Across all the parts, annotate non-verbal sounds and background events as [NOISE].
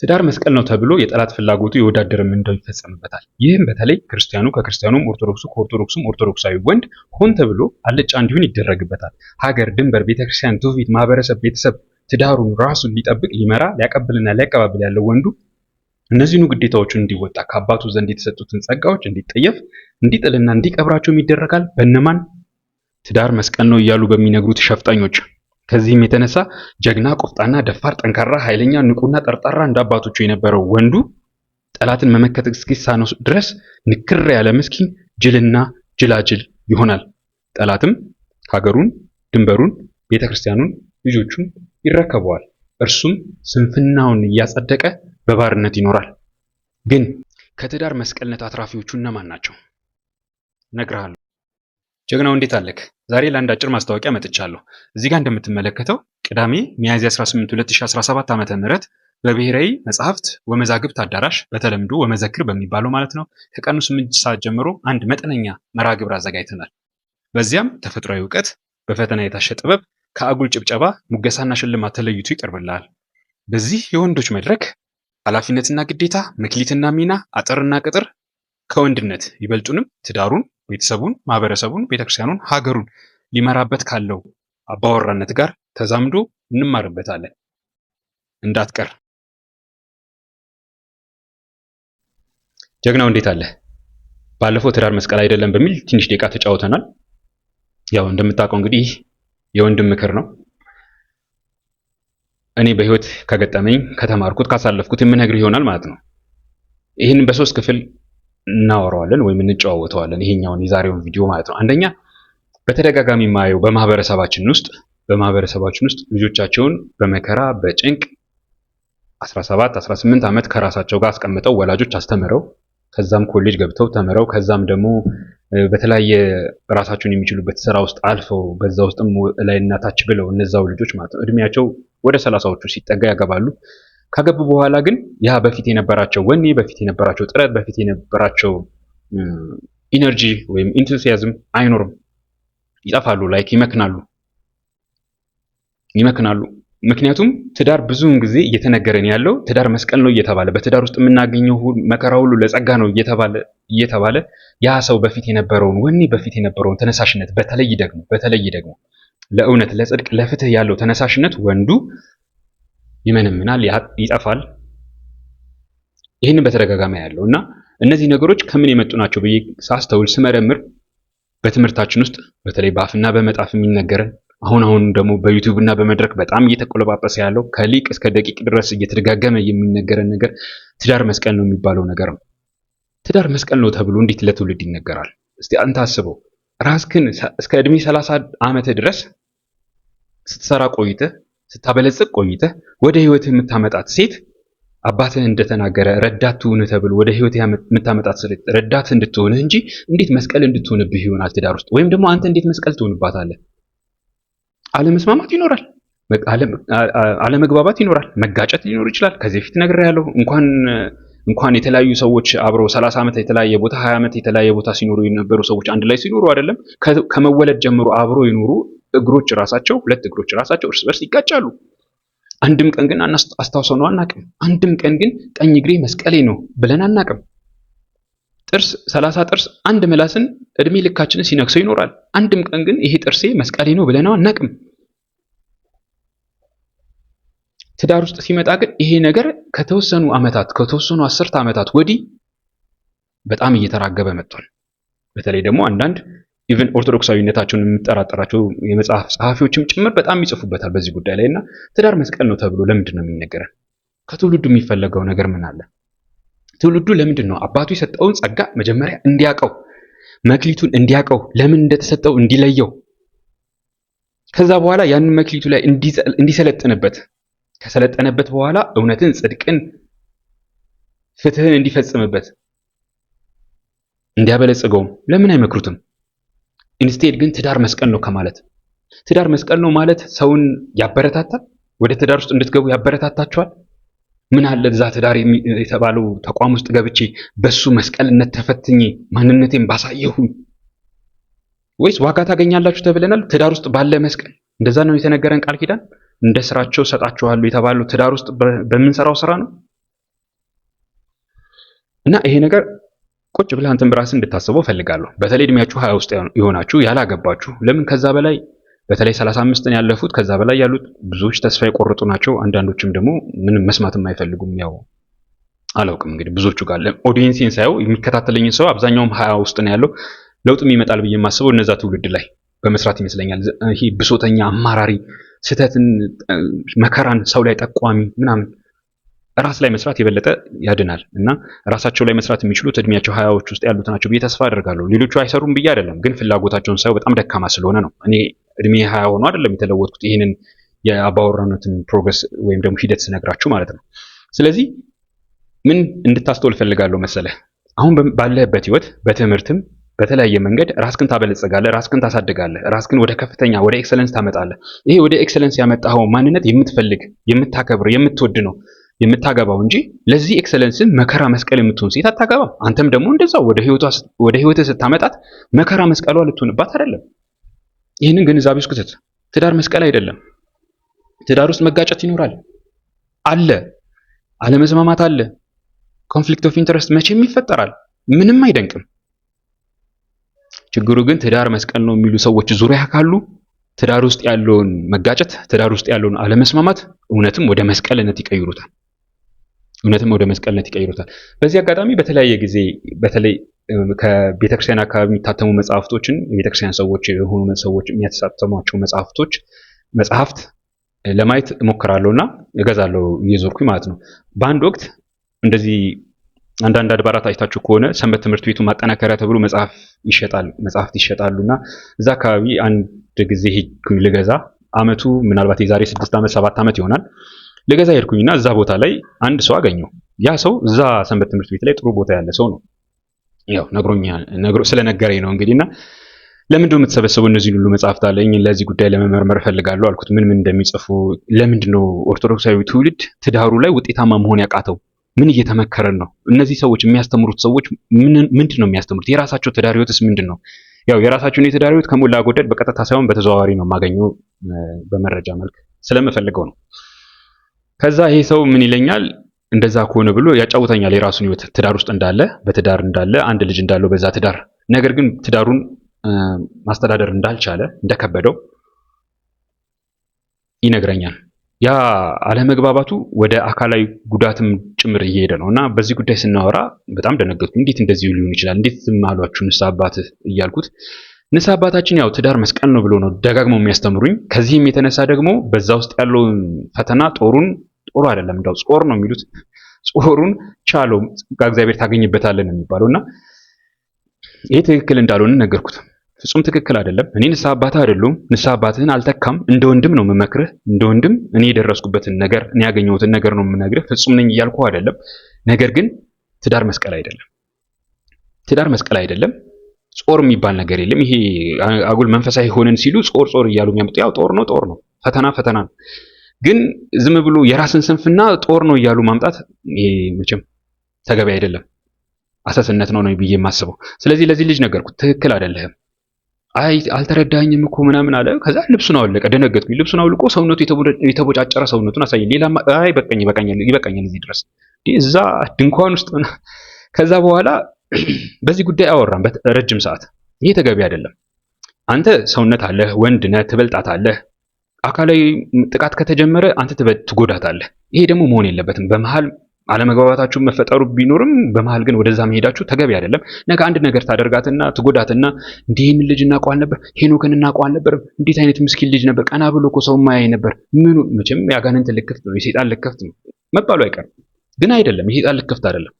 ትዳር መስቀል ነው ተብሎ የጠላት ፍላጎቱ የወዳደርም እንደው ይፈጸምበታል። ይህም በተለይ ክርስቲያኑ ከክርስቲያኑም፣ ኦርቶዶክሱ ከኦርቶዶክሱም ኦርቶዶክሳዊ ወንድ ሆን ተብሎ አልጫ እንዲሆን ይደረግበታል። ሀገር፣ ድንበር፣ ቤተክርስቲያን፣ ትውፊት፣ ማህበረሰብ፣ ቤተሰብ ትዳሩን ራሱን ሊጠብቅ ሊመራ ሊያቀብልና ሊያቀባብል ያለው ወንዱ እነዚህኑ ግዴታዎቹን እንዲወጣ ከአባቱ ዘንድ የተሰጡትን ጸጋዎች እንዲጠየፍ እንዲጥልና እንዲቀብራቸውም ይደረጋል። በእነማን ትዳር መስቀል ነው እያሉ በሚነግሩት ሸፍጠኞች ከዚህም የተነሳ ጀግና፣ ቆፍጣና፣ ደፋር፣ ጠንካራ፣ ኃይለኛ፣ ንቁና ጠርጣራ እንደ አባቶቹ የነበረው ወንዱ ጠላትን መመከት እስኪሳነው ድረስ ንክር ያለ ምስኪን ጅልና ጅላጅል ይሆናል። ጠላትም ሀገሩን፣ ድንበሩን፣ ቤተክርስቲያኑን፣ ልጆቹን ይረከበዋል። እርሱም ስንፍናውን እያጸደቀ በባርነት ይኖራል። ግን ከትዳር መስቀልነት አትራፊዎቹ እነማን ናቸው? እነግርሃለሁ። ጀግናው እንዴት አለክ? ዛሬ ለአንድ አጭር ማስታወቂያ መጥቻለሁ። እዚህ ጋር እንደምትመለከተው ቅዳሜ ሚያዝያ 18 2017 ዓመተ ምህረት በብሔራዊ መጽሐፍት ወመዛግብት አዳራሽ በተለምዶ ወመዘክር በሚባለው ማለት ነው ከቀኑ 8 ሰዓት ጀምሮ አንድ መጠነኛ መርሃ ግብር አዘጋጅተናል። በዚያም ተፈጥሯዊ እውቀት፣ በፈተና የታሸ ጥበብ፣ ከአጉል ጭብጨባ ሙገሳና ሽልማት ተለይቶ ይቀርብልሃል። በዚህ የወንዶች መድረክ ኃላፊነትና ግዴታ፣ መክሊትና ሚና፣ አጥርና ቅጥር ከወንድነት ይበልጡንም ትዳሩን ቤተሰቡን፣ ማህበረሰቡን፣ ቤተክርስቲያኑን፣ ሀገሩን ሊመራበት ካለው አባወራነት ጋር ተዛምዶ እንማርበታለን። እንዳትቀር ጀግናው። እንዴት አለ? ባለፈው ትዳር መስቀል አይደለም በሚል ትንሽ ደቂቃ ተጫውተናል። ያው እንደምታውቀው እንግዲህ የወንድም ምክር ነው። እኔ በህይወት ከገጠመኝ ከተማርኩት ካሳለፍኩት የምነግር ይሆናል ማለት ነው። ይህን በሶስት ክፍል እናወራዋለን ወይም እንጨዋወተዋለን። ይሄኛውን የዛሬውን ቪዲዮ ማለት ነው። አንደኛ በተደጋጋሚ የማየው በማህበረሰባችን ውስጥ በማህበረሰባችን ውስጥ ልጆቻቸውን በመከራ በጭንቅ 17 18 ዓመት ከራሳቸው ጋር አስቀምጠው ወላጆች አስተምረው ከዛም ኮሌጅ ገብተው ተምረው ከዛም ደግሞ በተለያየ ራሳቸውን የሚችሉበት ስራ ውስጥ አልፈው በዛ ውስጥም ላይ እናታች ብለው እነዛው ልጆች ማለት ነው እድሜያቸው ወደ ሰላሳዎቹ ሲጠጋ ያገባሉ። ከገቡ በኋላ ግን ያ በፊት የነበራቸው ወኔ፣ በፊት የነበራቸው ጥረት፣ በፊት የነበራቸው ኢነርጂ ወይም ኢንቱሲያዝም አይኖርም። ይጠፋሉ፣ ላይክ ይመክናሉ ይመክናሉ። ምክንያቱም ትዳር ብዙውን ጊዜ እየተነገረን ያለው ትዳር መስቀል ነው እየተባለ በትዳር ውስጥ የምናገኘው መከራ ሁሉ ለጸጋ ነው እየተባለ እየተባለ ያ ሰው በፊት የነበረውን ወኔ በፊት የነበረውን ተነሳሽነት በተለይ ደግሞ በተለይ ደግሞ ለእውነት ለጽድቅ ለፍትህ ያለው ተነሳሽነት ወንዱ ይመነምናል፣ ይጠፋል። ይህንን በተደጋጋሚ ያለው እና እነዚህ ነገሮች ከምን የመጡ ናቸው ብዬ ሳስተውል ስመረምር በትምህርታችን ውስጥ በተለይ በአፍና በመጣፍ የሚነገረን አሁን አሁን ደግሞ በዩቲዩብ እና በመድረክ በጣም እየተቆለጳጰሰ ያለው ከሊቅ እስከ ደቂቅ ድረስ እየተደጋገመ የሚነገረን ነገር ትዳር መስቀል ነው የሚባለው ነገር ነው። ትዳር መስቀል ነው ተብሎ እንዴት ለትውልድ ይነገራል? እስቲ አንተ አስበው። ራስክን እስከ እድሜ ሰላሳ ዓመት ድረስ ስትሰራ ቆይተህ ስታበለጽግ ቆይተህ ወደ ህይወትህ የምታመጣት ሴት አባትህ እንደተናገረ ረዳት ትሁን ተብሎ ወደ ህይወት የምታመጣት ረዳት እንድትሆንህ እንጂ እንዴት መስቀል እንድትሆንብህ ይሆናል ትዳር ውስጥ ወይም ደግሞ አንተ እንዴት መስቀል ትሆንባታለህ? አለመስማማት ይኖራል፣ አለመግባባት ይኖራል፣ መጋጨት ሊኖር ይችላል። ከዚህ በፊት ነግሬያለሁ። እንኳን እንኳን የተለያዩ ሰዎች አብሮ 30 ዓመት የተለያየ ቦታ 20 ዓመት የተለያየ ቦታ ሲኖሩ የነበሩ ሰዎች አንድ ላይ ሲኖሩ አይደለም ከመወለድ ጀምሮ አብሮ ይኖሩ። እግሮች ራሳቸው ሁለት እግሮች ራሳቸው እርስ በርስ ይጋጫሉ። አንድም ቀን ግን አስታውሰ ነው አናቅም። አንድም ቀን ግን ቀኝ እግሬ መስቀሌ ነው ብለን አናቅም። ጥርስ ሰላሳ ጥርስ አንድ ምላስን እድሜ ልካችንን ሲነክሰው ይኖራል። አንድም ቀን ግን ይሄ ጥርሴ መስቀሌ ነው ብለን አናቅም። ትዳር ውስጥ ሲመጣ ግን ይሄ ነገር ከተወሰኑ ዓመታት ከተወሰኑ አስርት ዓመታት ወዲህ በጣም እየተራገበ መጥቷል። በተለይ ደግሞ አንዳንድ ኢቨን ኦርቶዶክሳዊነታቸውን የምጠራጠራቸው የመጽሐፍ ጸሐፊዎችም ጭምር በጣም ይጽፉበታል በዚህ ጉዳይ ላይ እና ትዳር መስቀል ነው ተብሎ ለምንድን ነው የሚነገረን? ከትውልዱ የሚፈለገው ነገር ምን አለ? ትውልዱ ለምንድን ነው አባቱ የሰጠውን ጸጋ መጀመሪያ እንዲያቀው መክሊቱን እንዲያቀው ለምን እንደተሰጠው እንዲለየው ከዛ በኋላ ያንን መክሊቱ ላይ እንዲሰለጥንበት ከሰለጠነበት በኋላ እውነትን፣ ጽድቅን፣ ፍትህን እንዲፈጽምበት እንዲያበለጽገውም ለምን አይመክሩትም? ኢንስቴድ ግን ትዳር መስቀል ነው ከማለት ትዳር መስቀል ነው ማለት ሰውን ያበረታታል፣ ወደ ትዳር ውስጥ እንድትገቡ ያበረታታቸዋል። ምን አለ እዛ ትዳር የተባለው ተቋም ውስጥ ገብቼ በሱ መስቀልነት ተፈትኜ ማንነቴን ባሳየሁ ወይስ ዋጋ ታገኛላችሁ ተብለናል። ትዳር ውስጥ ባለ መስቀል እንደዛ ነው የተነገረን ቃል ኪዳን። እንደ ስራቸው ሰጣችኋሉ የተባለው ትዳር ውስጥ በምንሰራው ስራ ነው እና ይሄ ነገር ቁጭ ብለህ አንተም ራስህ እንድታስበው ፈልጋለሁ። በተለይ እድሜያችሁ ሀያ ውስጥ የሆናችሁ ያላገባችሁ፣ ለምን ከዛ በላይ በተለይ ሰላሳ አምስትን ያለፉት ከዛ በላይ ያሉት ብዙዎች ተስፋ የቆረጡ ናቸው። አንዳንዶችም ደግሞ ምንም መስማትም አይፈልጉም። ያው አላውቅም እንግዲህ ብዙዎቹ ጋር ኦዲየንሴን ሳየው የሚከታተለኝን ሰው አብዛኛውም ሀያ ውስጥ ነው ያለው። ለውጥም ይመጣል ብዬ የማስበው እነዛ ትውልድ ላይ በመስራት ይመስለኛል። ይሄ ብሶተኛ፣ አማራሪ፣ ስህተትን፣ መከራን ሰው ላይ ጠቋሚ ምናምን ራስ ላይ መስራት የበለጠ ያድናል እና ራሳቸው ላይ መስራት የሚችሉት እድሜያቸው ሀያዎች ውስጥ ያሉት ናቸው ብዬ ተስፋ አደርጋለሁ። ሌሎቹ አይሰሩም ብዬ አይደለም፣ ግን ፍላጎታቸውን ሳይው በጣም ደካማ ስለሆነ ነው። እኔ እድሜ ሀያ ሆኖ አይደለም የተለወጥኩት ይህንን የአባወራነትን ፕሮግረስ ወይም ደግሞ ሂደት ስነግራችሁ ማለት ነው። ስለዚህ ምን እንድታስተውል ፈልጋለሁ መሰለህ አሁን ባለህበት ህይወት በትምህርትም በተለያየ መንገድ ራስክን ታበለጽጋለህ፣ ራስክን ታሳድጋለህ፣ ራስክን ወደ ከፍተኛ ወደ ኤክሰለንስ ታመጣለህ። ይሄ ወደ ኤክሰለንስ ያመጣኸው ማንነት የምትፈልግ የምታከብር፣ የምትወድ ነው። የምታገባው እንጂ ለዚህ ኤክሰለንስ መከራ መስቀል የምትሆን ሴት አታገባም። አንተም ደግሞ እንደዛው ወደ ህይወት ስታመጣት መከራ መስቀሏ ልትሆንባት አይደለም። ይህንን ግንዛቤ ውስጥ ክትት። ትዳር መስቀል አይደለም። ትዳር ውስጥ መጋጨት ይኖራል አለ አለመስማማት አለ። ኮንፍሊክት ኦፍ ኢንተረስት መቼም ይፈጠራል። ምንም አይደንቅም። ችግሩ ግን ትዳር መስቀል ነው የሚሉ ሰዎች ዙሪያ ካሉ ትዳር ውስጥ ያለውን መጋጨት፣ ትዳር ውስጥ ያለውን አለመስማማት እውነትም ወደ መስቀልነት ይቀይሩታል። እውነትም ወደ መስቀልነት ይቀይሩታል። በዚህ አጋጣሚ በተለያየ ጊዜ በተለይ ከቤተክርስቲያን አካባቢ የሚታተሙ መጽሐፍቶችን የቤተክርስቲያን ሰዎች የሆኑ ሰዎች የሚያተሳተሟቸው መጽሐፍቶች መጽሐፍት ለማየት እሞክራለሁ እና እገዛለሁ እየዞርኩኝ ማለት ነው። በአንድ ወቅት እንደዚህ አንዳንድ አድባራት አይታችሁ ከሆነ ሰንበት ትምህርት ቤቱ ማጠናከሪያ ተብሎ መጽሐፍ ይሸጣል መጽሐፍት ይሸጣሉ እና እዛ አካባቢ አንድ ጊዜ ሄድኩኝ ልገዛ አመቱ ምናልባት የዛሬ ስድስት ዓመት ሰባት ዓመት ይሆናል ልገዛ ሄድኩኝና እዛ ቦታ ላይ አንድ ሰው አገኘው። ያ ሰው እዛ ሰንበት ትምህርት ቤት ላይ ጥሩ ቦታ ያለ ሰው ነው። ያው ነግሮኛል፣ ነግሮ ስለነገረኝ ነው እንግዲህና ለምንድን ነው የምትሰበሰበው እነዚህን ሁሉ መጽሐፍት አለኝ ለዚህ ጉዳይ ለመመርመር እፈልጋለሁ አልኩት። ምን ምን እንደሚጽፉ ለምንድን ነው ኦርቶዶክሳዊ ትውልድ ትዳሩ ላይ ውጤታማ መሆን ያቃተው? ምን እየተመከረን ነው? እነዚህ ሰዎች የሚያስተምሩት ሰዎች ምንድን ነው የሚያስተምሩት? የራሳቸው ትዳር ህይወትስ ምንድን ነው? ያው የራሳቸውን የትዳር ህይወት ከሞላ ጎደል በቀጥታ ሳይሆን በተዘዋዋሪ ነው የማገኘው በመረጃ መልክ ስለምፈልገው ነው። ከዛ ይሄ ሰው ምን ይለኛል እንደዛ ከሆነ ብሎ ያጫውተኛል የራሱን ህይወት ትዳር ውስጥ እንዳለ በትዳር እንዳለ አንድ ልጅ እንዳለው በዛ ትዳር ነገር ግን ትዳሩን ማስተዳደር እንዳልቻለ እንደከበደው ይነግረኛል። ያ አለመግባባቱ ወደ አካላዊ ጉዳትም ጭምር እየሄደ ነው እና በዚህ ጉዳይ ስናወራ በጣም ደነገጥኩ። እንዴት እንደዚህ ሊሆን ይችላል? እንዴት ዝም አሏችሁ ንስሐ አባት እያልኩት ንስሐ አባታችን ያው ትዳር መስቀል ነው ብሎ ነው ደጋግመው የሚያስተምሩኝ። ከዚህም የተነሳ ደግሞ በዛ ውስጥ ያለውን ፈተና ጦሩን ጦሩ አይደለም እንደው ጾር ነው የሚሉት። ጾሩን ቻለው ከእግዚአብሔር ታገኝበታለን ነው የሚባለው እና ይህ ትክክል እንዳልሆነ ነገርኩት። ፍጹም ትክክል አይደለም። እኔ ንስሐ አባትህ አይደሉም። ንስሐ አባትህን አልተካም። እንደ ወንድም ነው የምመክርህ። እንደ ወንድም እኔ የደረስኩበትን ነገር እኔ ያገኘሁትን ነገር ነው የምነግርህ። ፍጹም ነኝ እያልኩህ አይደለም። ነገር ግን ትዳር መስቀል አይደለም። ትዳር መስቀል አይደለም። ጾር የሚባል ነገር የለም። ይሄ አጉል መንፈሳዊ ሆነን ሲሉ ጾር ጾር እያሉ የሚያመጡ ያው ጦር ነው ጦር ነው፣ ፈተና ፈተና ነው። ግን ዝም ብሎ የራስን ስንፍና ጦር ነው እያሉ ማምጣት መቼም ተገቢ አይደለም። አሰስነት ነው ነው ብዬ የማስበው። ስለዚህ ለዚህ ልጅ ነገርኩት። ትክክል አይደለህም፣ አይ አልተረዳኝም እኮ ምናምን አለ። ከዛ ልብሱን አወለቀ። ደነገጥኩኝ። ልብሱን አውልቆ ሰውነቱ የተቦጫጨረ ሰውነቱን አሳየ። ሌላ አይ በቀኝ በቀኝ ይበቀኝ እዚህ ድረስ እዛ ድንኳን ውስጥ [CLEARS THROAT] ከዛ በኋላ [CLEARS THROAT] በዚህ ጉዳይ አወራን ረጅም ሰዓት። ይሄ ተገቢ አይደለም። አንተ ሰውነት አለህ፣ ወንድ ነህ፣ ትበልጣት አለህ አካላዊ ጥቃት ከተጀመረ አንተ ትጎዳታለህ። ይሄ ደግሞ መሆን የለበትም። በመሃል አለመግባባታችሁ መፈጠሩ ቢኖርም በመሃል ግን ወደዛ መሄዳችሁ ተገቢ አይደለም። ነገ አንድ ነገር ታደርጋትና ትጎዳትና እንዲህን ልጅ እናውቀዋል ነበር፣ ሄኖክን እናውቀዋል ነበርም፣ እንዴት አይነት ምስኪን ልጅ ነበር፣ ቀና ብሎ እኮ ሰው ማያይ ነበር። ምኑ መቼም የአጋንንት ልክፍት ነው የሴጣን ልክፍት ነው መባሉ አይቀርም። ግን አይደለም፣ የሴጣን ልክፍት አይደለም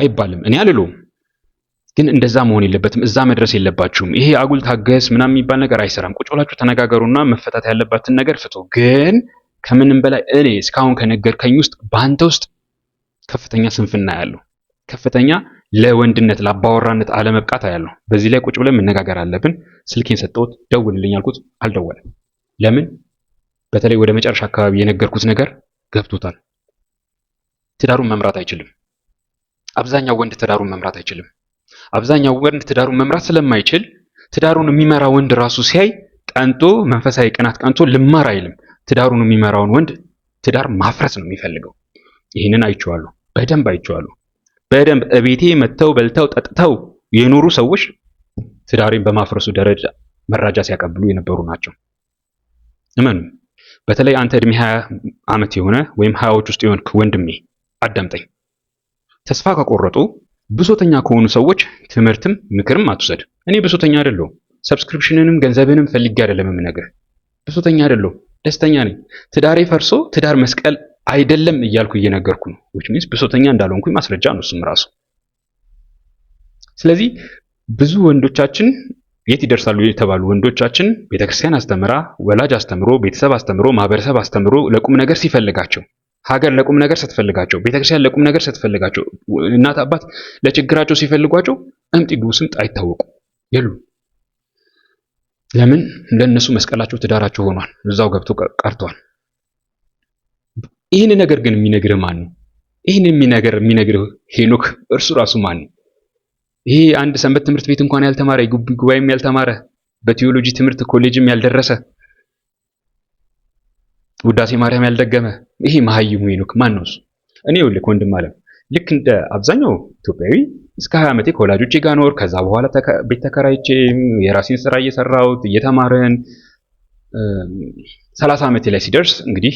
አይባልም። እኔ አልለውም ግን እንደዛ መሆን የለበትም። እዛ መድረስ የለባችሁም። ይሄ አጉል ታገስ ምናምን የሚባል ነገር አይሰራም። ቁጭ ብላችሁ ተነጋገሩና መፈታት ያለባትን ነገር ፍቶ። ግን ከምንም በላይ እኔ እስካሁን ከነገርከኝ ውስጥ በአንተ ውስጥ ከፍተኛ ስንፍና ያለው ከፍተኛ ለወንድነት ለአባወራነት አለመብቃት ያለው። በዚህ ላይ ቁጭ ብለን መነጋገር አለብን። ስልኬን ሰጠሁት። ደውልልኝ አልኩት፣ አልደወለም። ለምን? በተለይ ወደ መጨረሻ አካባቢ የነገርኩት ነገር ገብቶታል። ትዳሩን መምራት አይችልም። አብዛኛው ወንድ ትዳሩን መምራት አይችልም። አብዛኛው ወንድ ትዳሩን መምራት ስለማይችል ትዳሩን የሚመራ ወንድ ራሱ ሲያይ ቀንቶ መንፈሳዊ ቅናት ቀንቶ ልማር አይልም። ትዳሩን የሚመራውን ወንድ ትዳር ማፍረስ ነው የሚፈልገው። ይህንን አይቼዋለሁ፣ በደንብ አይቼዋለሁ። በደንብ እቤቴ መጥተው በልተው ጠጥተው የኖሩ ሰዎች ትዳሬን በማፍረሱ ደረጃ መረጃ ሲያቀብሉ የነበሩ ናቸው። እመኑ። በተለይ አንተ እድሜ ሀያ ዓመት የሆነ ወይም ሀያዎች ውስጥ የሆንክ ወንድሜ አዳምጠኝ። ተስፋ ከቆረጡ ብሶተኛ ከሆኑ ሰዎች ትምህርትም ምክርም አትውሰድ። እኔ ብሶተኛ አይደለሁም። ሰብስክሪፕሽንንም ገንዘብንም ፈልጌ አይደለም የምነግርህ። ብሶተኛ አይደለሁም፣ ደስተኛ ነኝ። ትዳሬ ፈርሶ ትዳር መስቀል አይደለም እያልኩ እየነገርኩ ነው። which means ብሶተኛ እንዳልሆንኩኝ ማስረጃ ነው እሱም ራሱ። ስለዚህ ብዙ ወንዶቻችን የት ይደርሳሉ የተባሉ ወንዶቻችን ቤተክርስቲያን አስተምራ፣ ወላጅ አስተምሮ፣ ቤተሰብ አስተምሮ፣ ማህበረሰብ አስተምሮ ለቁም ነገር ሲፈልጋቸው ሀገር ለቁም ነገር ስትፈልጋቸው፣ ቤተክርስቲያን ለቁም ነገር ስትፈልጋቸው፣ እናት አባት ለችግራቸው ሲፈልጓቸው አንጢጉስም አይታወቁም የሉ ለምን እንደነሱ መስቀላቸው ትዳራቸው ሆኗል፣ እዛው ገብቶ ቀርቷል። ይህን ነገር ግን የሚነግርህ ማን ነው? ይህን የሚነገር የሚነግርህ ሄኖክ እርሱ ራሱ ማን ነው? ይሄ አንድ ሰንበት ትምህርት ቤት እንኳን ያልተማረ የጉቢ ጉባኤም ያልተማረ በቴዎሎጂ ትምህርት ኮሌጅም ያልደረሰ ውዳሴ ማርያም ያልደገመ ይሄ መሀይሙ ሄኖክ ማን ነው እሱ? እኔ ልክ ወንድም አለም ልክ እንደ አብዛኛው ኢትዮጵያዊ እስከ 20 ዓመቴ ከወላጆቼ ጋር ኖር። ከዛ በኋላ ቤት ተከራይቼ የራሴን ስራ እየሰራሁት እየተማርን 30 ዓመቴ ላይ ሲደርስ እንግዲህ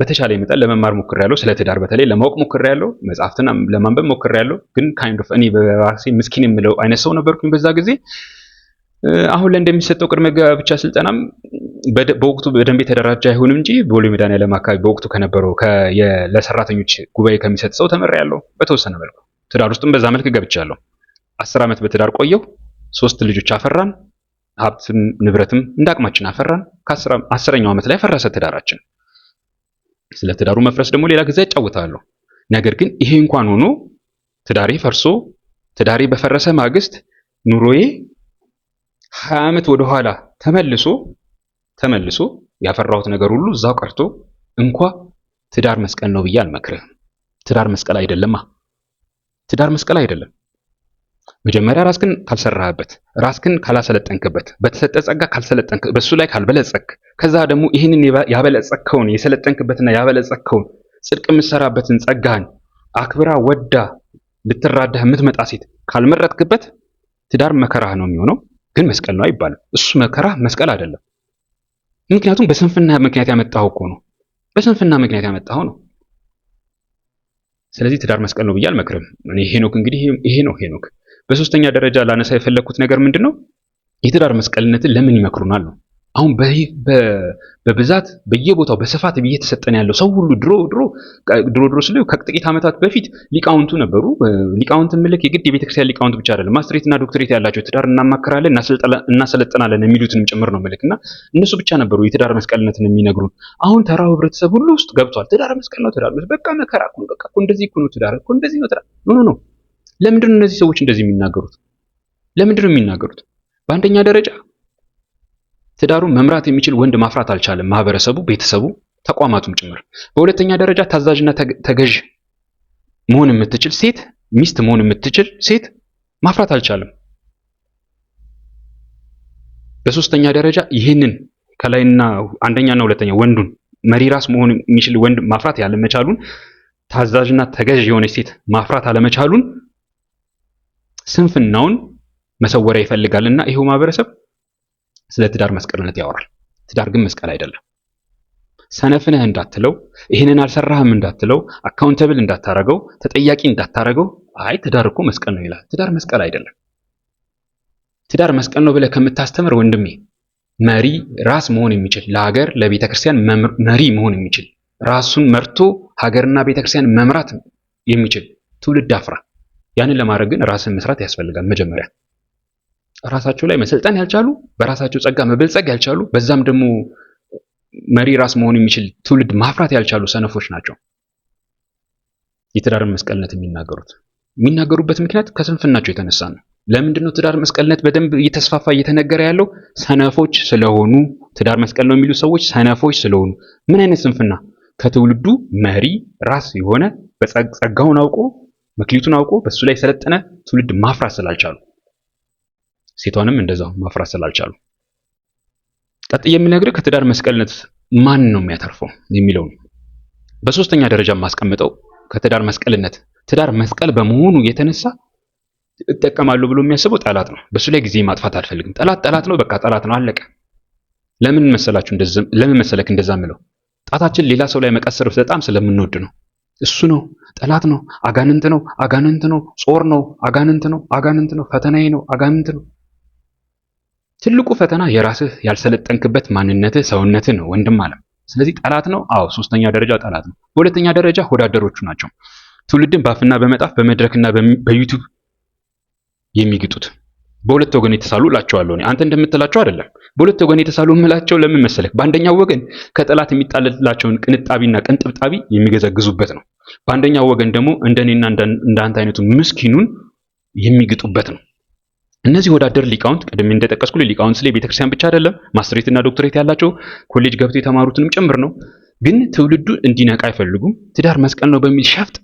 በተሻለ መጠን ለመማር ያለው ስለ ትዳር በተለይ ለማወቅ ያለው መጽሐፍትን ለማንበብ ያለው ግን ካይንድ ኦፍ እኔ በራሴ ምስኪን የምለው አይነት ሰው ነበርኩኝ በዛ ጊዜ። አሁን ላይ እንደሚሰጠው ቅድመ ጋብቻ ስልጠናም በወቅቱ በደንብ የተደራጀ አይሆንም እንጂ ቦሌ መድኃኒዓለም አካባቢ በወቅቱ ከነበረው ለሰራተኞች ጉባኤ ከሚሰጥ ሰው ተመሬያለሁ በተወሰነ መልኩ። ትዳር ውስጥም በዛ መልክ ገብቻለሁ። አስር ዓመት በትዳር ቆየው። ሶስት ልጆች አፈራን። ሀብትም ንብረትም እንዳቅማችን አፈራን። ከአስረኛው ዓመት ላይ ፈረሰ ትዳራችን። ስለ ትዳሩ መፍረስ ደግሞ ሌላ ጊዜ ያጫውታለሁ። ነገር ግን ይሄ እንኳን ሆኖ ትዳሬ ፈርሶ ትዳሬ በፈረሰ ማግስት ኑሮዬ ሀያ ዓመት ወደኋላ ተመልሶ ተመልሶ ያፈራሁት ነገር ሁሉ እዛው ቀርቶ እንኳ ትዳር መስቀል ነው ብዬ አልመክርህም። ትዳር መስቀል አይደለማ። ትዳር መስቀል አይደለም። መጀመሪያ ራስክን ካልሰራህበት፣ ራስክን ካላሰለጠንክበት፣ በተሰጠ ጸጋ ካልሰለጠንክ፣ በሱ ላይ ካልበለጸክ፣ ከዛ ደግሞ ይህንን ያበለጸከውን የሰለጠንክበትና ያበለጸከውን ጽድቅ የምትሰራበትን ጸጋህን አክብራ ወዳ ልትራዳህ የምትመጣ ሴት ካልመረጥክበት ትዳር መከራህ ነው የሚሆነው። ግን መስቀል ነው አይባልም። እሱ መከራህ መስቀል አይደለም። ምክንያቱም በስንፍና ምክንያት ያመጣኸው እኮ ነው። በስንፍና ምክንያት ያመጣኸው ነው። ስለዚህ ትዳር መስቀል ነው ብዬ አልመክርም። እኔ ሄኖክ እንግዲህ ይሄ ነው ሄኖክ። በሶስተኛ ደረጃ ላነሳ የፈለግኩት ነገር ምንድን ነው የትዳር መስቀልነትን ለምን ይመክሩናል ነው አሁን በብዛት በየቦታው በስፋት እየተሰጠን ያለው ሰው ሁሉ ድሮ ድሮ ድሮ ድሮ ስለ ከጥቂት ዓመታት በፊት ሊቃውንቱ ነበሩ። ሊቃውንት ምልክ የግድ የቤተክርስቲያን ሊቃውንት ብቻ አይደለም፣ እና ዶክትሬት ያላቸው ትዳር እናማከራለን እናሰለጥናለን የሚሉትንም ጭምር ነው ምልክ እና እነሱ ብቻ ነበሩ የትዳር መስቀልነትን የሚነግሩን። አሁን ተራው ህብረተሰብ ሁሉ ውስጥ ገብቷል። ትዳር መስቀል ነው፣ ትዳር በቃ መከራ እኮ ነው፣ በቃ እኮ እንደዚህ እኮ ነው፣ ትዳር እኮ እንደዚህ ነው። ትዳር ኖ ኖ። ለምንድን ነው እነዚህ ሰዎች እንደዚህ የሚናገሩት? ለምንድን ነው የሚናገሩት? በአንደኛ ደረጃ ትዳሩን መምራት የሚችል ወንድ ማፍራት አልቻለም ማህበረሰቡ፣ ቤተሰቡ፣ ተቋማቱም ጭምር። በሁለተኛ ደረጃ ታዛዥና ተገዥ መሆን የምትችል ሴት ሚስት መሆን የምትችል ሴት ማፍራት አልቻለም። በሶስተኛ ደረጃ ይህንን ከላይና አንደኛና ሁለተኛ ወንዱን መሪ ራስ መሆን የሚችል ወንድ ማፍራት ያለመቻሉን፣ ታዛዥና ተገዥ የሆነች ሴት ማፍራት አለመቻሉን ስንፍናውን መሰወሪያ ይፈልጋልና ይሄው ማህበረሰብ ስለ ትዳር መስቀልነት ያወራል። ትዳር ግን መስቀል አይደለም። ሰነፍነህ እንዳትለው፣ ይህንን አልሰራህም እንዳትለው፣ አካውንተብል እንዳታረገው፣ ተጠያቂ እንዳታረገው። አይ ትዳር እኮ መስቀል ነው ይላል። ትዳር መስቀል አይደለም። ትዳር መስቀል ነው ብለህ ከምታስተምር ወንድሜ መሪ ራስ መሆን የሚችል ለሀገር ለቤተ ክርስቲያን መሪ መሆን የሚችል ራሱን መርቶ ሀገርና ቤተ ክርስቲያን መምራት የሚችል ትውልድ አፍራ። ያንን ለማድረግ ግን ራስን መስራት ያስፈልጋል መጀመሪያ። ራሳቸው ላይ መሰልጠን ያልቻሉ፣ በራሳቸው ጸጋ መበልጸግ ያልቻሉ፣ በዛም ደግሞ መሪ ራስ መሆን የሚችል ትውልድ ማፍራት ያልቻሉ ሰነፎች ናቸው። የትዳርን መስቀልነት የሚናገሩት የሚናገሩበት ምክንያት ከስንፍናቸው የተነሳ ነው። ለምንድን ነው ትዳር መስቀልነት በደንብ እየተስፋፋ እየተነገረ ያለው? ሰነፎች ስለሆኑ ትዳር መስቀል ነው የሚሉ ሰዎች ሰነፎች ስለሆኑ። ምን አይነት ስንፍና? ከትውልዱ መሪ ራስ የሆነ በጸጋውን አውቆ መክሊቱን አውቆ በሱ ላይ የሰለጠነ ትውልድ ማፍራት ስላልቻሉ ሴቷንም እንደዛው ማፍራት ስላልቻሉ ቀጥ የሚነግርህ ከትዳር መስቀልነት ማን ነው የሚያተርፈው የሚለው ነው። በሶስተኛ ደረጃ የማስቀምጠው ከትዳር መስቀልነት ትዳር መስቀል በመሆኑ የተነሳ እጠቀማለሁ ብሎ የሚያስበው ጠላት ነው። በሱ ላይ ጊዜ ማጥፋት አልፈልግም። ጠላት ጠላት ነው፣ በቃ ጠላት ነው፣ አለቀ። ለምን መሰላችሁ? እንደዛ ለምን መሰለክ እንደዛ ምለው ጣታችን ሌላ ሰው ላይ መቀሰር በጣም ስለምንወድ ነው። እሱ ነው፣ ጠላት ነው፣ አጋንንት ነው፣ አጋንንት ነው፣ ጾር ነው፣ አጋንንት ነው፣ አጋንንት ነው፣ ፈተናዬ ነው፣ አጋንንት ነው ትልቁ ፈተና የራስህ ያልሰለጠንክበት ማንነትህ ሰውነትህ ነው ወንድም አለም። ስለዚህ ጠላት ነው። አዎ ሶስተኛ ደረጃ ጠላት ነው። በሁለተኛ ደረጃ ወዳደሮቹ ናቸው። ትውልድን ባፍና በመጣፍ በመድረክና በዩቱብ የሚግጡት በሁለት ወገን የተሳሉ እላቸዋለሁ። አንተ እንደምትላቸው አይደለም። በሁለት ወገን የተሳሉ ምላቸው ለምን መሰለህ? በአንደኛው ወገን ከጠላት የሚጣልላቸውን ቅንጣቢና ቅንጥብጣቢ የሚገዘግዙበት ነው። በአንደኛው ወገን ደግሞ እንደኔና እንዳንተ አይነቱ ምስኪኑን የሚግጡበት ነው። እነዚህ ወዳደር ሊቃውንት ቀደም እንደጠቀስኩ ሊቃውንት ስለ ቤተክርስቲያን ብቻ አይደለም ማስትሬት እና ዶክትሬት ያላቸው ኮሌጅ ገብተው የተማሩትንም ጭምር ነው። ግን ትውልዱ እንዲነቃ አይፈልጉም። ትዳር መስቀል ነው በሚል ሸፍጥ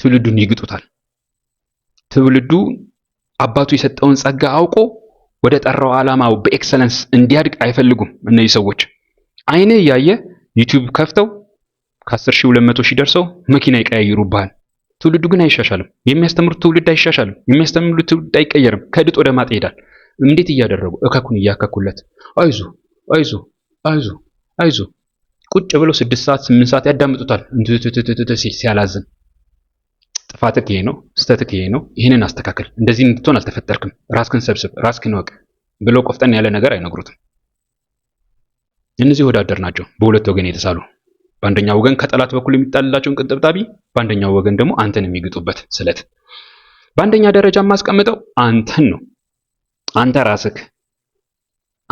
ትውልዱን ይግጡታል። ትውልዱ አባቱ የሰጠውን ጸጋ አውቆ ወደ ጠራው ዓላማው በኤክሰለንስ እንዲያድግ አይፈልጉም። እነዚህ ሰዎች አይነ እያየ ዩቲዩብ ከፍተው ከ 10200 ደርሰው መኪና ይቀያይሩብሃል። ትውልዱ ግን አይሻሻልም። የሚያስተምሩት ትውልድ አይሻሻልም። የሚያስተምሩት ትውልድ አይቀየርም። ከድጥ ወደ ማጥ ይሄዳል። እንዴት እያደረጉ እከኩን እያከኩለት አይዞ አይዞ አይዞ አይዞ ቁጭ ብለው ስድስት ሰዓት ስምንት ሰዓት ያዳምጡታል። እንትትትትት ሲያላዝን ጥፋትክ ይሄ ነው፣ ስተትክ ይሄ ነው፣ ይህንን አስተካክል፣ እንደዚህ እንድትሆን አልተፈጠርክም፣ ራስክን ሰብስብ፣ ራስክን ወቅ ብለው ቆፍጠን ያለ ነገር አይነግሩትም። እነዚህ ወዳደር ናቸው፣ በሁለት ወገን የተሳሉ በአንደኛው ወገን ከጠላት በኩል የሚጣልላቸውን ቅንጥብጣቢ፣ በአንደኛው ወገን ደግሞ አንተን የሚግጡበት ስለት። በአንደኛ ደረጃ የማስቀምጠው አንተን ነው። አንተ ራስክ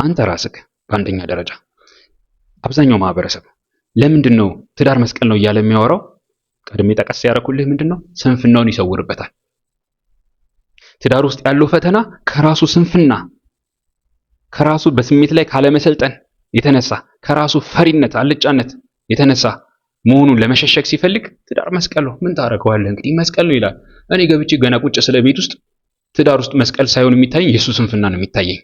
አንተ ራስክ በአንደኛ ደረጃ። አብዛኛው ማህበረሰብ ለምንድን ነው ትዳር መስቀል ነው እያለ የሚያወራው? ቀድሜ ጠቀስ ያደረኩልህ ምንድን ነው ስንፍናውን ይሰውርበታል። ትዳር ውስጥ ያለው ፈተና ከራሱ ስንፍና ከራሱ በስሜት ላይ ካለመሰልጠን የተነሳ ከራሱ ፈሪነት፣ አልጫነት የተነሳ መሆኑን ለመሸሸግ ሲፈልግ ትዳር መስቀል ነው፣ ምን ታረገዋለህ እንግዲህ መስቀል ነው ይላል። እኔ ገብቼ ገና ቁጭ ስለ ቤት ውስጥ ትዳር ውስጥ መስቀል ሳይሆን የሚታየኝ የእሱ ስንፍና ነው የሚታየኝ፣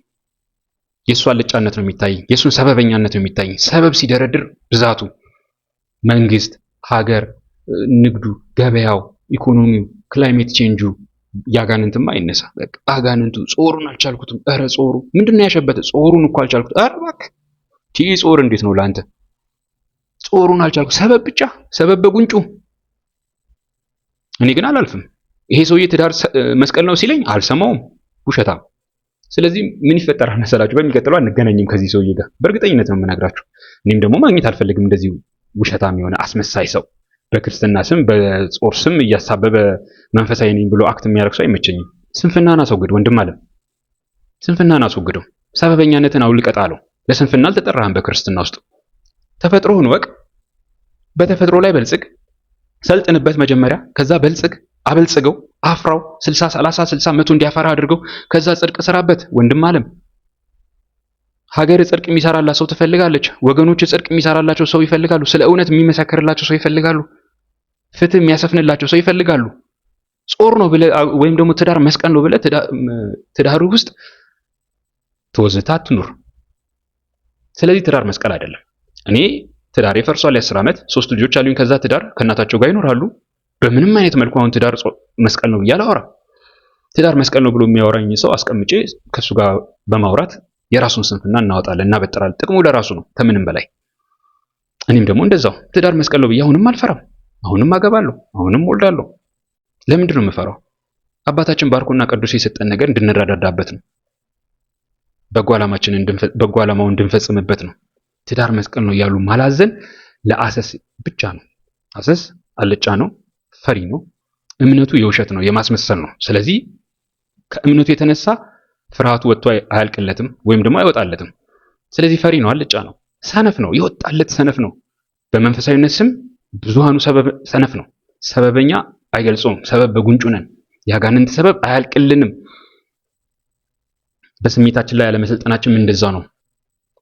የእሱ አልጫነት ነው የሚታየኝ፣ የእሱን ሰበበኛነት ነው የሚታየኝ። ሰበብ ሲደረድር ብዛቱ መንግስት፣ ሀገር፣ ንግዱ፣ ገበያው፣ ኢኮኖሚው፣ ክላይሜት ቼንጁ ያጋንንትማ አይነሳ በቃ አጋንንቱ ጾሩን አልቻልኩትም። ኧረ ጾሩ ምንድነው ያሸበተ ጾሩን እኮ አልቻልኩት። ኧረ እባክህ ጾር እንዴት ነው ለአንተ ጾሩን አልቻልኩ። ሰበብ ብቻ ሰበብ በጉንጩ እኔ ግን አላልፍም። ይሄ ሰውዬ ትዳር መስቀል ነው ሲለኝ አልሰማውም፣ ውሸታም። ስለዚህ ምን ይፈጠራል መሰላችሁ? በሚቀጥለው አንገናኝም ከዚህ ሰውዬ ጋር በእርግጠኝነት ነው የምነግራችሁ። እኔም ደግሞ ማግኘት አልፈልግም እንደዚህ ውሸታም የሆነ አስመሳይ ሰው በክርስትና ስም በጾር ስም እያሳበበ መንፈሳዊ ነኝ ብሎ አክት የሚያደርግ ሰው አይመቸኝም። ስንፍናን አስወግድ ወንድም አለ። ስንፍናን አስወግደው፣ ሰበበኛነትን አውልቀጥ አለው። ለስንፍና አልተጠራህም በክርስትና ውስጥ ተፈጥሮህን ወቅ፣ በተፈጥሮ ላይ በልጽግ፣ ሰልጥንበት መጀመሪያ፣ ከዛ በልጽግ፣ አበልጽገው፣ አፍራው፣ 60 30 60 መቶ እንዲያፈራ አድርገው፣ ከዛ ጽድቅ ስራበት ወንድም አለም። ሀገር ጽድቅ የሚሰራላት ሰው ትፈልጋለች። ወገኖች ጽድቅ የሚሰራላቸው ሰው ይፈልጋሉ። ስለ እውነት የሚመሰክርላቸው ሰው ይፈልጋሉ። ፍትህ የሚያሰፍንላቸው ሰው ይፈልጋሉ። ጾር ነው ብለ ወይም ደግሞ ትዳር መስቀል ነው ብለ ትዳሩ ውስጥ ትወዝታ ትኑር። ስለዚህ ትዳር መስቀል አይደለም። እኔ ትዳር ፈርሷል። የአስር ዓመት ሶስት ልጆች አሉኝ። ከዛ ትዳር ከእናታቸው ጋር ይኖራሉ። በምንም አይነት መልኩ አሁን ትዳር መስቀል ነው ብዬ አላወራም። ትዳር መስቀል ነው ብሎ የሚያወራኝ ሰው አስቀምጬ ከእሱ ጋር በማውራት የራሱን ስንፍና እናወጣለን፣ እናበጥራለን። ጥቅሙ ለራሱ ነው ከምንም በላይ። እኔም ደግሞ እንደዛው ትዳር መስቀል ነው ብዬ አሁንም አልፈራም። አሁንም አገባለሁ፣ አሁንም ወልዳለሁ። ለምንድን ነው የምፈራው? አባታችን ባርኮና ቅዱስ የሰጠን ነገር እንድንረዳዳበት ነው። በጎ ዓላማውን እንድንፈጽምበት ነው። ትዳር መስቀል ነው እያሉ ማላዘን ለአሰስ ብቻ ነው። አሰስ አልጫ ነው፣ ፈሪ ነው፣ እምነቱ የውሸት ነው፣ የማስመሰል ነው። ስለዚህ ከእምነቱ የተነሳ ፍርሃቱ ወጥቶ አያልቅለትም ወይም ደግሞ አይወጣለትም። ስለዚህ ፈሪ ነው፣ አልጫ ነው፣ ሰነፍ ነው፣ የወጣለት ሰነፍ ነው። በመንፈሳዊነት ስም ብዙሃኑ ሰነፍ ነው። ሰበበኛ አይገልጾም። ሰበብ በጉንጩ ነን። ያጋንንት ሰበብ አያልቅልንም። በስሜታችን ላይ ያለመሰልጠናችን እንደዛ ነው።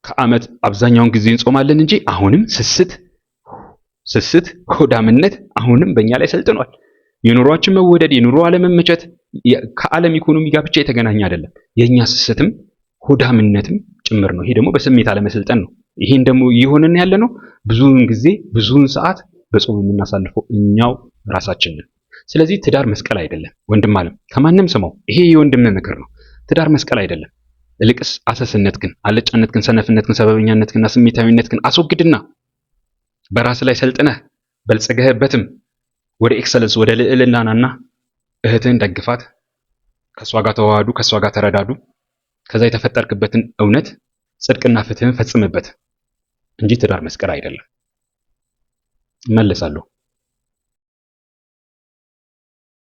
ከዓመት አብዛኛውን ጊዜ እንጾማለን እንጂ አሁንም ስስት ስስት ሆዳምነት አሁንም በእኛ ላይ ሰልጥኗል። የኑሯችን መወደድ፣ የኑሮ አለመመቸት ከዓለም ኢኮኖሚ ጋር ብቻ የተገናኘ አይደለም። የእኛ ስስትም ሆዳምነትም ጭምር ነው። ይሄ ደግሞ በስሜት አለመሰልጠን ነው። ይሄን ደግሞ እየሆነን ያለ ነው። ብዙውን ጊዜ ብዙውን ሰዓት በጾም የምናሳልፈው እኛው ራሳችን ነን። ስለዚህ ትዳር መስቀል አይደለም። ወንድም አለም ከማንም ስማው፣ ይሄ የወንድም ምክር ነው። ትዳር መስቀል አይደለም። ልቅስ አሰስነት ግን አለጫነት ግን ሰነፍነት ግን ሰበበኛነት ግን ስሜታዊነት ግን አስወግድና በራስ ላይ ሰልጥነህ በልጽገህበትም ወደ ኤክሰለንስ ወደ ልዕልናናና እህትህን ደግፋት። ከእሷ ጋር ተዋህዱ ከእሷ ጋር ተረዳዱ። ከዛ የተፈጠርክበትን እውነት ጽድቅና ፍትህን ፈጽምበት እንጂ ትዳር መስቀል አይደለም። መልሳለሁ።